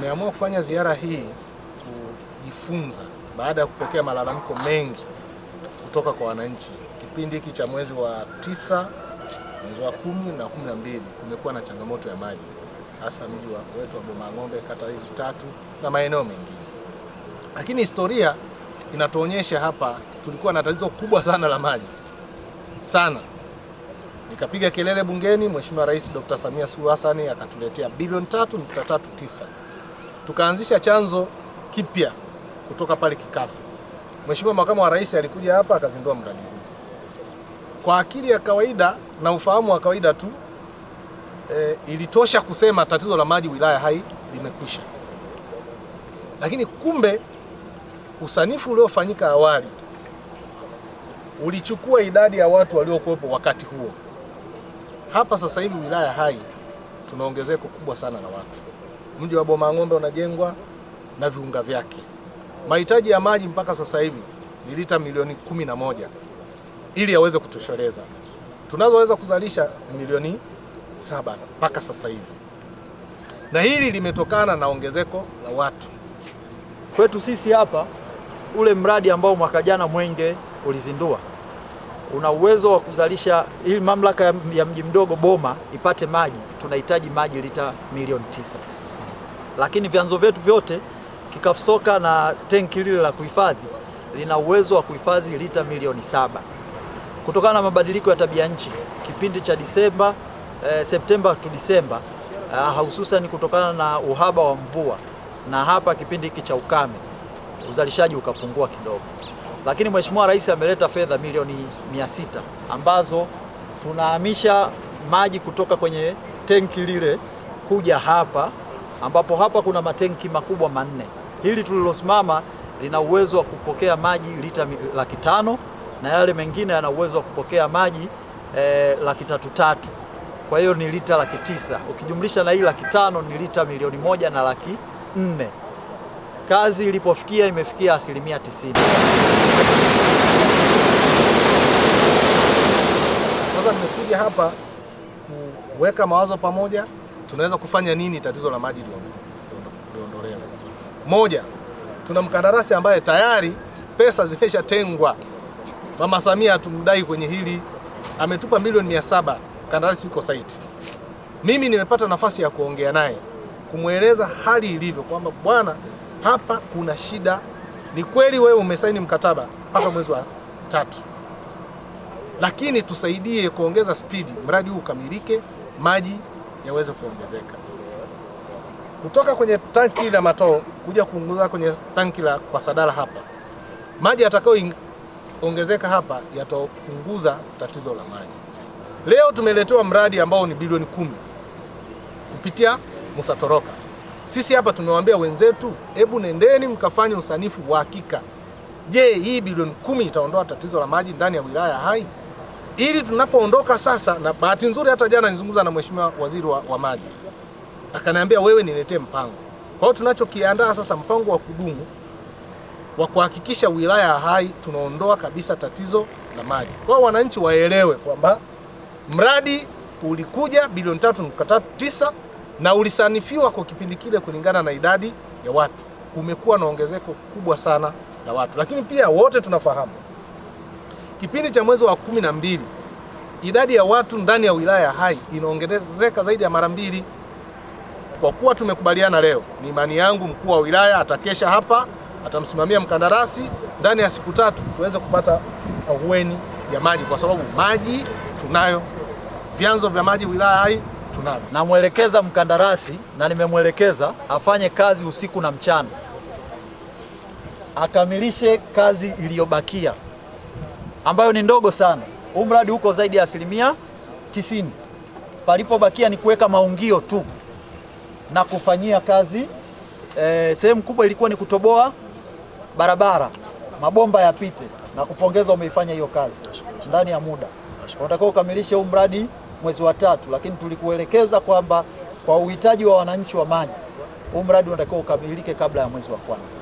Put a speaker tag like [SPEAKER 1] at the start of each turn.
[SPEAKER 1] Tumeamua kufanya ziara hii kujifunza baada ya kupokea malalamiko mengi kutoka kwa wananchi. Kipindi hiki cha mwezi wa tisa, mwezi wa kumi na kumi na mbili kumekuwa na changamoto ya maji, hasa mji wetu wa Bomang'ombe, kata hizi tatu na maeneo mengine, lakini historia inatuonyesha hapa tulikuwa na tatizo kubwa sana la maji sana nikapiga kelele bungeni, Mheshimiwa Rais Dr. Samia Suluhu Hassan akatuletea bilioni 3.39 tukaanzisha chanzo kipya kutoka pale kikafu. Mheshimiwa Makamu wa Rais alikuja hapa akazindua mradi huu. Kwa akili ya kawaida na ufahamu wa kawaida tu e, ilitosha kusema tatizo la maji wilaya hai limekwisha, lakini kumbe usanifu uliofanyika awali ulichukua idadi ya watu waliokuwepo wakati huo. Hapa sasa hivi wilaya hai tuna ongezeko kubwa sana la watu mji wa Boma Ng'ombe unajengwa na viunga vyake. Mahitaji ya maji mpaka sasa hivi ni lita milioni kumi na moja ili yaweze kutosheleza. Tunazoweza kuzalisha milioni saba mpaka sasa hivi, na hili limetokana na ongezeko la watu
[SPEAKER 2] kwetu sisi hapa. Ule mradi ambao mwaka jana Mwenge ulizindua una uwezo wa kuzalisha, ili mamlaka ya mji mdogo Boma ipate maji tunahitaji maji lita milioni tisa lakini vyanzo vyetu vyote kikafu soka na tenki lile la kuhifadhi lina uwezo wa kuhifadhi lita milioni saba. Kutokana na mabadiliko ya tabia nchi kipindi cha Disemba eh, Septemba to Disemba eh, hususan kutokana na uhaba wa mvua na hapa kipindi hiki cha ukame uzalishaji ukapungua kidogo, lakini Mheshimiwa Rais ameleta fedha milioni mia sita ambazo tunahamisha maji kutoka kwenye tenki lile kuja hapa ambapo hapa kuna matenki makubwa manne. Hili tulilosimama lina uwezo wa kupokea maji lita laki tano na yale mengine yana uwezo wa kupokea maji e, laki tatu tatu. Kwa hiyo ni lita laki tisa ukijumlisha na hii laki tano ni lita milioni moja na laki nne. Kazi ilipofikia imefikia asilimia tisini.
[SPEAKER 1] Sasa nimekuja hapa kuweka mawazo pamoja tunaweza kufanya nini tatizo la maji liondolewe? Moja, tuna mkandarasi ambaye tayari pesa zimeshatengwa. Mama Samia tumdai kwenye hili, ametupa milioni mia saba. Kandarasi yuko site. Mimi nimepata nafasi ya kuongea naye kumweleza hali ilivyo, kwamba bwana, hapa kuna shida. Ni kweli wewe umesaini mkataba mpaka mwezi wa tatu, lakini tusaidie kuongeza spidi, mradi huu ukamilike, maji yaweze kuongezeka kutoka kwenye tanki la Matoo kuja kuunguza kwenye tanki la kwa Sadala hapa. Maji yatakayoongezeka hapa yatapunguza tatizo la maji. Leo tumeletewa mradi ambao ni bilioni kumi kupitia Musa Toroka. Sisi hapa tumewaambia wenzetu, hebu nendeni mkafanye usanifu wa hakika. Je, hii bilioni kumi itaondoa tatizo la maji ndani ya wilaya Hai? ili tunapoondoka sasa, na bahati nzuri hata jana nizungumza na mheshimiwa waziri wa, wa maji akaniambia, wewe niletee mpango. Kwa hiyo tunachokiandaa sasa mpango wa kudumu wa kuhakikisha wilaya ya Hai tunaondoa kabisa tatizo la maji. Kwa hiyo wananchi waelewe kwamba mradi ulikuja bilioni tatu tatu tisa na ulisanifiwa kwa kipindi kile kulingana na idadi ya watu. Kumekuwa na ongezeko kubwa sana la watu, lakini pia wote tunafahamu Kipindi cha mwezi wa kumi na mbili idadi ya watu ndani ya wilaya ya Hai inaongezeka zaidi ya mara mbili. Kwa kuwa tumekubaliana leo, ni imani yangu mkuu wa wilaya atakesha hapa, atamsimamia mkandarasi ndani ya siku tatu tuweze kupata ahueni ya maji, kwa sababu maji tunayo, vyanzo vya maji wilaya Hai tunavyo.
[SPEAKER 2] Namwelekeza mkandarasi na nimemwelekeza afanye kazi usiku na mchana, akamilishe kazi iliyobakia ambayo ni ndogo sana. Huu mradi uko zaidi ya asilimia tisini. Palipobakia ni kuweka maungio tu na kufanyia kazi e, sehemu kubwa ilikuwa ni kutoboa barabara mabomba yapite, na kupongeza umeifanya hiyo kazi ndani ya muda. Unatakiwa ukamilishe huu mradi mwezi wa tatu, lakini tulikuelekeza kwamba kwa uhitaji wa wananchi wa maji huu mradi unatakiwa ukamilike kabla ya mwezi wa kwanza.